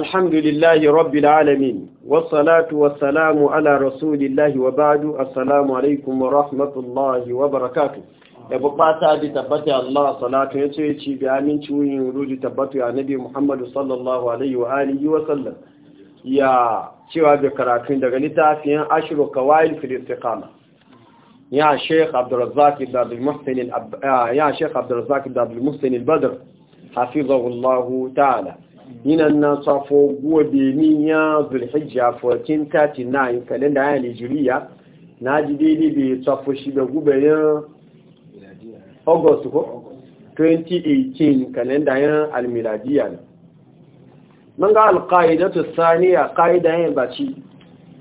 الحمد لله رب العالمين والصلاة والسلام على رسول الله وبعد السلام عليكم ورحمة الله وبركاته yabo bata da tabbata Allah salatu ya ce ci bi aminci wuyin ruju tabbatu ya nabi Muhammad sallallahu alaihi wa alihi wa sallam ya cewa da karatun daga littafin ashru kawail fil istiqama ya Sheikh Abdul Razzaq ibn Abdul Muhsin ya Sheikh Abdul Razzaq ibn Abdul Muhsin al-Badr hafizahu Allah ta'ala yinan na safo guwa ni ya zulhijja 1439 kalenda ya Najeriya na ji daidai bai safo shi da gubayen august ko 2018 kalenda ya almiladiya mun ga alƙa'idatu saniya ƙa'ida yin baci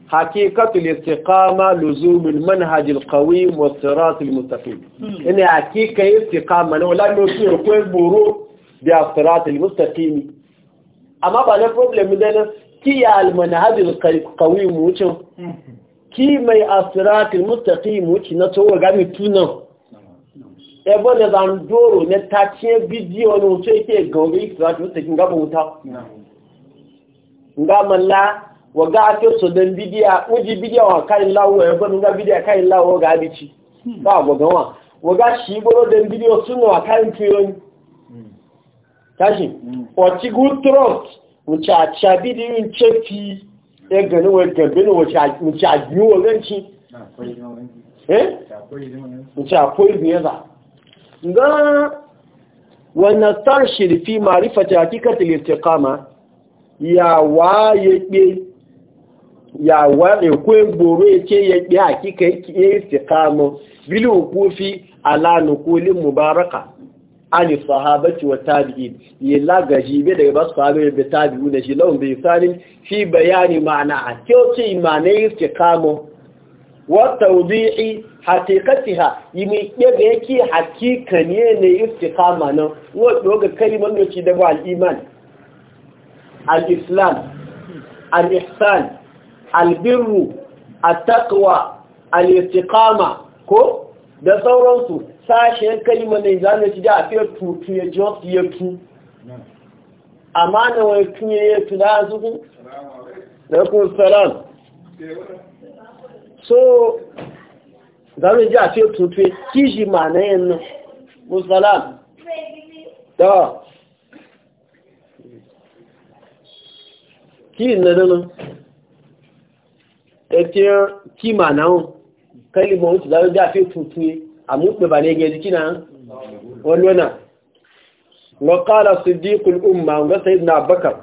haqiqatul istiqama luzumul manhaj alqawim wasiratul mustaqim hmm. ina haqiqa istiqama wala lo su ko buru bi asiratul mustaqim amma ba na problem da na kiya almanhajul qawi mu wucin ki mai asiratul mustaqim wuci na towa gami tunan ebo na zandoro na tace bidiyo ne wuce yake gauri asiratul mustaqim gaba wuta nga malla wa ga ta so dan bidiya uji bidiya wa lawo ebo nga bidiya lawo ga bici ba wa ga shi bidiyo tashi wace good trust wuce a cabi da yin cefi ya e gani wa gabi na wuce a biyu wa ganci eh wuce a koyi biya za ga wannan star shirfi marifata hakikatul istiqama ya wa ya pe ya wa ekwe gboro eke ya gbe pe hakika ya istiqama bilu kufi ala nukuli mubaraka ani sahabati wa tabi'in yalla gaji be daga basu sahabe be tabi'u da shi lawan bi shi fi bayani ma'ana a kyauci ma'ana yake kamo wa tawdi'i haqiqatiha yimi daga yake hakika ne ne kama nan wa doga kalimar da da ba al-iman al-islam al-ihsan al-birru at-taqwa al-istiqama ko da sauransu sashen kalima na izanu ci da a fiye tutu ya jos ya tu amma na wani tunye ya tu da zuku da kun salam so zanu ji a fiye tutu ya kiji ma na yin nan salam da ki na dana ƙarfiyar kima na hun kalimawar su zanu ji a fiye tutu ya amutbe banenge dikina walwana وقال صديق الأمة سيدنا بكر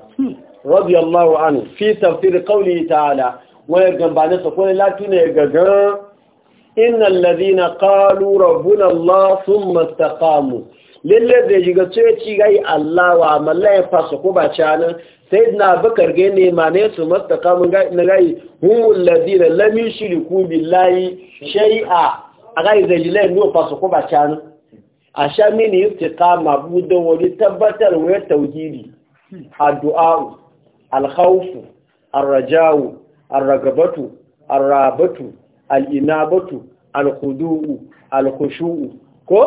رضي الله عنه في تفسير قوله تعالى ويرجم بعدها قوله لا تنهجها إن الذين قالوا ربنا الله ثم استقاموا للذي يجب أن الله وعمل الله يفاسقوا بعدها سيدنا بكر قال ما نسوا استقاموا هم الذين لم يشركوا بالله شيئا agaghị zejile ndị ụkwaso kwụbacha anụ asha mini iftika ma budon wani tabbatar wani tauhidi addu'a'u alhaufu arrajawu arragabatu arrabatu al'inabatu alhudu'u alhushu'u ko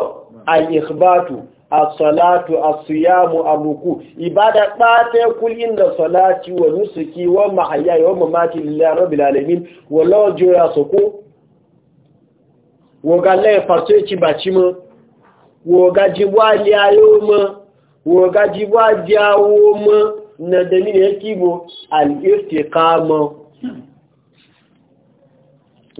al'ikhbatu as-salatu as-siyamu ibada ɓata, Kulin, da salati wa nusuki wa mahayaya wa mamati lillahi rabbil alamin wa la jura suku woga lẹ́ẹ̀fà tó ti bàtí mọ́ woga jíbọ́ àdí ayó mọ́ woga jíbọ́ àdí awó mọ́ na dẹni rẹ̀ kí bó alìfẹ́ ká mọ́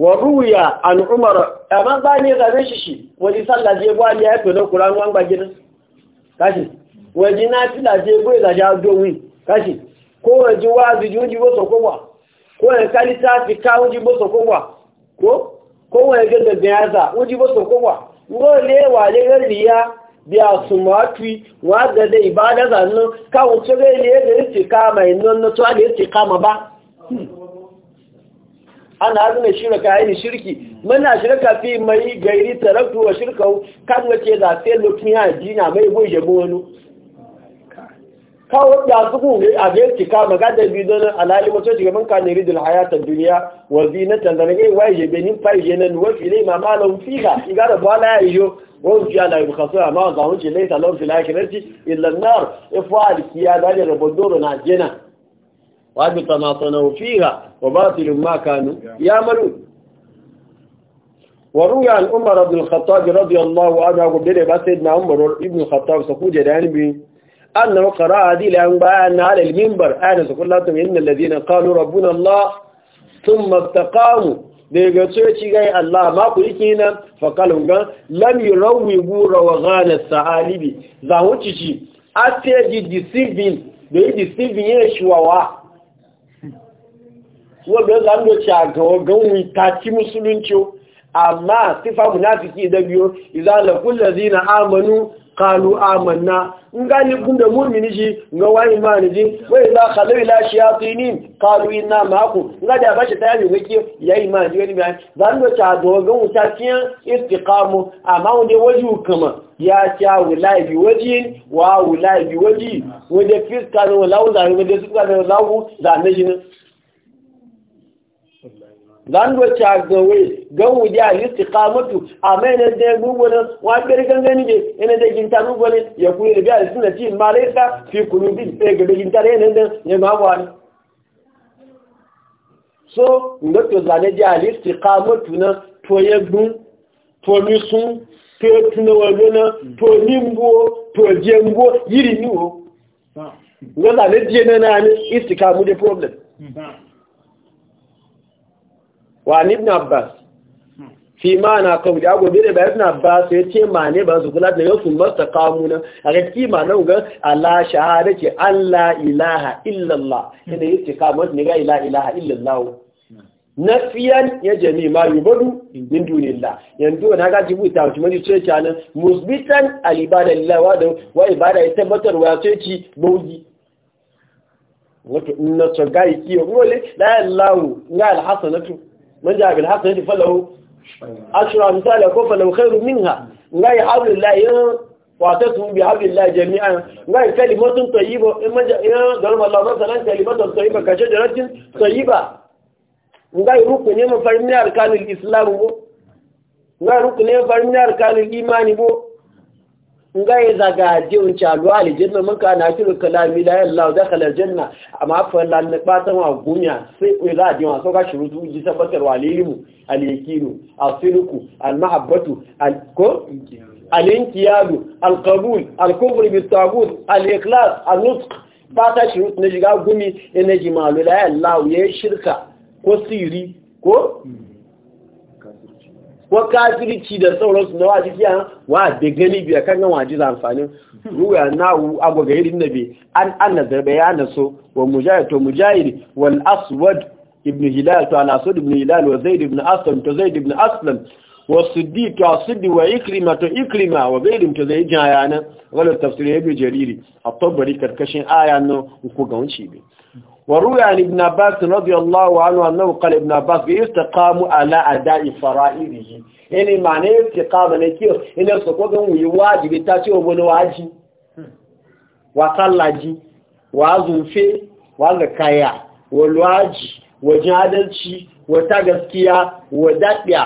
wọ̀rúwìyà al'umaru ẹ̀má bá ní ẹgbẹ̀rẹ̀ ṣìṣì wọ́n sálà jẹ́bọ́ àdí ayẹ́pẹ̀ lọ́kùnrin wọn gbàjẹ́ káṣì wọ́n jí náà sílà jẹ́bọ́ ìlàjá dóhùn káṣì kó wọ́n jí wá àdìjú ó bó sọ kó kowane ya gada da yasa wuji ba su kowa ngole wale ya biya su matwi wa da da ibada zanno ka wuce ga ya da yake kama nan na tuwa da yake kama ba ana azumi shirka yayin shirki mana shirka fi mai gairi taraktu wa shirkau kan wace da sai lokacin ya dina mai boye wani kawo da zuku ne a biyar cika magada bi alali wato shiga man ka neri dil hayatan duniya wa zinatan da nake wai je benin fai je nan wa fili ma malam fiha da bala ya yo wa ji ala bi khasu ma za hun ji laysa lahu fil akhirati illa an-nar ifal kiya da ne rabodoro na jena wa bi tamatana fiha wa batil ma kanu ya'malu وروي عن عمر بن الخطاب رضي الله عنه وبدأ سيدنا عمر بن الخطاب سقوط جدان أن قرأ هذه الأنباء أن على المنبر أنا سكلاتهم إن الذين قالوا ربنا الله ثم ابتقاموا daga coci gai Allah maku yake nan fakalun gan lam yurawi gura wa ghanas sa'alibi za wuce ci ateji deceiving da yi deceiving ya shiwawa wanda zan da ci a gawa ta ci musulunci amma sifa munafiki da biyo idza kullu ladina amanu qalu amanna in gani kun da mu'mini ji ga wani mani ji wa idza khalu ila shayatinin qalu inna ma'akum ga da bashi ta yi gake yayi mani wani mai zan da ta dogon mutaciyan istiqamu amma wani waju kama ya ta wulai bi waji wa wulai bi waji wanda fiska ne wala wala wanda suka da lawu da ne shi ne zanduwa cagawai ga wuje a yi kamatu a da ya gugu gugunan wakil gangani ne yana da ginta ne ya kuri da biya da suna ci ma laisa fi kuru bin ɗaya ga da ginta da yanayin da ya mawa ne so ndoto zane da a yi tikamatu na to ya gun to mi sun to ya tuna wani na to nimbo to jengo yiri niwo nga zane ji na na ne istikamu da problem wa ibn abbas hmm. fi ma na kawai da agobe da bayan abbas ya ce ma ne ba su kula da yau sun basta kamuna a gaski ma nan ga ala shahada ce allah ilaha illallah yadda hmm. yake kamar ne ga ilaha ilaha illallah hmm. Na fiyan ya jami ma yubadu min dunillah yanzu na ga jibu ta mutum mani ce kana musbitan al lawa wa da wa ibada ya tabbatar wa ce ci bogi wato inna tsagai kiyo wole la lawo nga al man ja bil hasanati falahu ashra misala ko falahu khairu minha ngai hablillahi ya watatu bi hablillahi jami'an ngai kalimatun tayyiba in man ja ya dalma Allah masalan kalimatun tayyiba ka shajaratin tayyiba ngai rukuni mafarmin arkanul islam bo ngai rukuni mafarmin arkanul imani bo nga ya zaga jiun chalu aljanna mun ka na kiru kalami la yalla dakhala janna amma fa lan ne batan wa gunya sai ku za ji wa soka du ji tabbatar wa lilimu alikinu asirku almahabbatu alko alinkiyadu alqabul alkufru bitagut alikhlas alnutq bata shurut ne ga gumi ne ji malu la yalla ya shirka ko siri ko ko kafirci da sauransu na waji jiya? wa da gani biya kan nan waji da amfani ruwa nawu agwaga irin nabi an anna zarba ya naso wa mujahid to mujahid wal aswad ibn hilal to al aswad ibn hilal wa zaid ibn aslam to zaid ibn aslam والصديق كالصد وإكلمة إكلمة وغيرهم تزيجا يانا غلو التفسير ابن جريري الطبري كركشين آية أنه وكوغون شيبي وروي عن ابن عباس رضي الله عنه أنه قال ابن عباس استقاموا على أداء فرائضه يعني معنى استقام نكير إن يسقوكم يواجب تاتي وبنواجي وصلاجي وازوفي وازكايا والواجي وجادلشي وتغسكيا ودقيا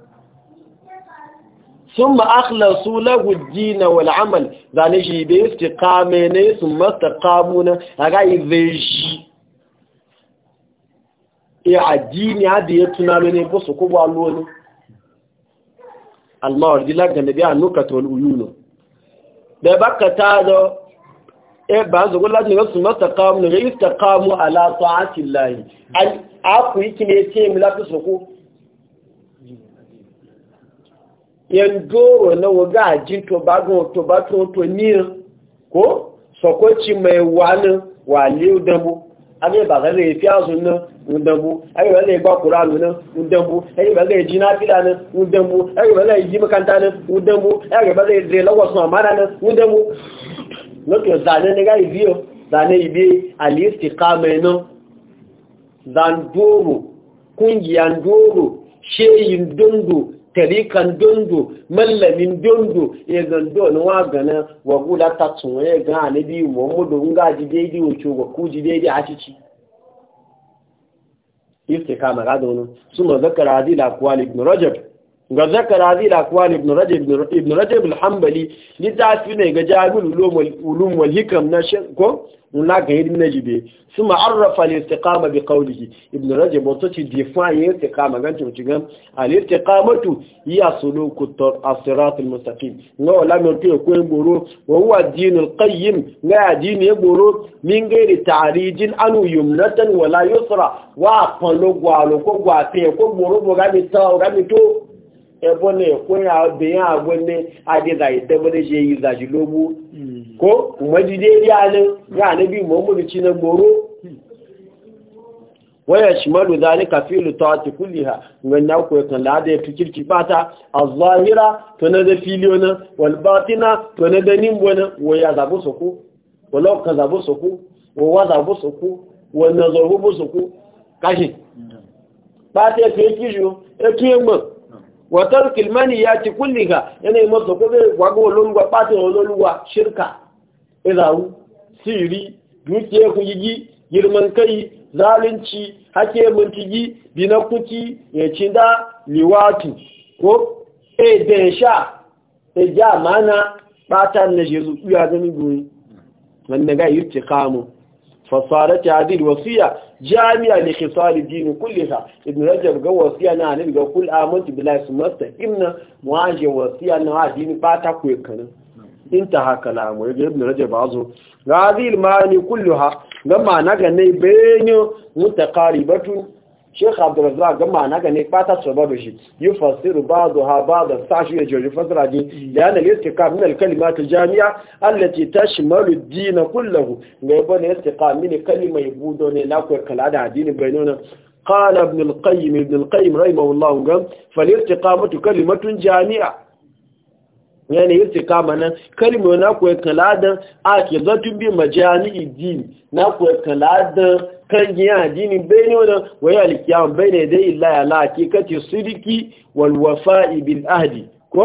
sun ma'akla su lahujji na wal'amal zane shi da yi su kame ne su masta kamu na a ra'ayi zai shi iya addini hada ya tuna ne, ba su kuma loni almawar dila ga biya a nukata wani uyuno da baka ta da e ba su kula ne su masta kamu na rai ta kamu ala ta'atin layi a ku yi kine ce mila su ko yan doro na waga jin to bagun to ko sokoci mai wani wale dambu abe ba gare fi azun nan ndambu abe ba gare gba qur'anu ndambu abe ba gare jina fila nan ndambu ji makanta na ndambu abe ba zai lagos na mara nan ndambu zane ne ga biyo zane ibi tarikan dondo mallamin dondo ya gando na wagana wa gula ta tun ya ga ìwọ̀n bi ń mu jí déédé òjò wọ̀kú jí déédé àṣìṣì ku ji dai di acici yake kama ga zakar hadi da akwai ibn rajab ibn rajab al-hanbali litafi ne ga jami'ul ulum wal ulum wal hikam na ko na ga yidin najibe suma arrafa al-istiqama bi qawlihi ibn rajab wato ci define istiqama ga ci ci gam al-istiqamatu hiya suluku as-sirat al-mustaqim no la mi ko ko ngoro wa huwa dinul qayyim na dini ya goro min gairi ta'rijin anu yumnatan wala yusra wa qallu gwalo ko gwate ko goro bo ga mi ta ga mi to ẹbọ na ẹkọ ya obìnrin àgbẹ ní adìrà ìtẹ́bọ́dé ṣe ìzàjì lógún kó mọ́dídé rí alẹ́ ní àníbí mọ́mọ́lù tí na gbòrò wọ́n yẹ̀ ṣìmọ́lù dáálé kàfíìlù tọ́ àti kúlì ha ìwẹ̀nà ọkọ̀ ẹ̀kàn láàdẹ̀ tukirki pátá azọ́híra tó na fílíọ́nà wọ̀lbátíná tó na dẹ nímbọ̀nà wọ́n yà zàbọ́sọ̀kú wọ́n lọ́kàn zàbọ́sọ̀kú wọ́n wá zàbọ́sọ̀kú wọ́n nà zọ̀rọ̀ bọ́sọ̀kú pátá ẹ̀kọ́ ẹ̀kíṣù ẹ̀kí ẹ̀gbọ̀n watar kilmani ya ci kulliga yanayi masa kuma gwago lulluwa ɓatin lulluwa shirka izaru siri dukiyar kuyigi girman kai zalunci hake mintigi binakuki ya ci da liwatu ko e da sha da e ja mana ɓatan na jesu ya zami guri wanda ga yi ci kamun fasarat hadhihi wasiya jami'a da khisal din kulliha ibn rajab ga wasiya na ne ga kul amantu billahi sumasta inna muaje wasiya na hadini bata ku kana intaha kalamu ga ibn rajab azu hadhihi ma'ani kulluha gamma na ga ne bayin mutaqaribatu Sheikh Abdulrazak ga ma'ana ga ne fata su ba da shi yufassiru ba'dhu ha ba'dha sashi ya jori fasara ji da yana istiqam min al-kalimat al-jami'a ta tashmalu ad-din kullahu ga yabo ne istiqam min kalima yabudo ne na ko kala da addini bainona قال ابن القيم ابن القيم رحمه الله قال فالاستقامة jami'a? جامعة yana yi tikama nan kalmi na kuwa da ake zatun bi majami'i dini. na kuwa da. kan giya addini bai ne wannan wai alkiyama bai ne dai illa ya la hakikati sidiki wal wafa'i bil ahdi ko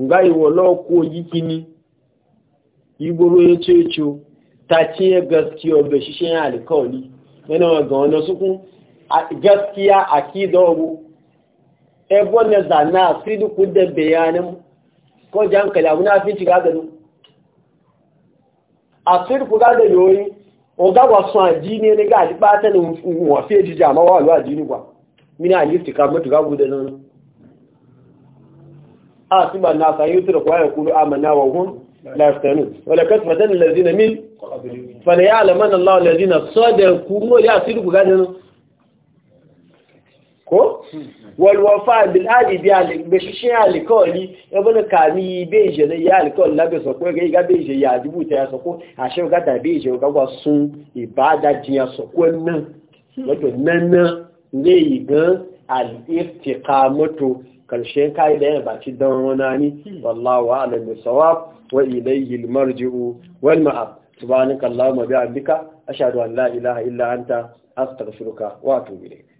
ngai wolo ko yikini iboro yace cho ta ce gaskiya ba shi shi alkawli yana ga wannan sukun gaskiya akida obu ebo ne zana sidiku da bayanin ko jankala muna fi shiga gano a sidiku ga da yoyi ọ̀gá wa sọ àdínì ẹni gáà ní pátẹ́ ni wọ́n fi èjìjà àmọ́ wà lọ́wọ́ àdínì wa mini àlífì ká mọ́tò ká náà a ti bà náà sàyí tó rọ̀kọ́ ayọ̀ kúrò àmà náà wọ̀ hún ko walwafa bil adi bi ale be shi alikoli ibn kami be je le ya ale ko la be so ko ga be je ya dibu te ya so ko a se ga da be je ga wa sun ibada ji ya so ko na lo wato nana le yi gan al iftiqamatu istiqamatu karshen kai da ba ti don wana ni wallahu ala bi sawab wa ilayhi al marji'u wal ma'ab subhanaka allahumma bi'abdika ashhadu an la ilaha illa anta astaghfiruka wa atubu ilayk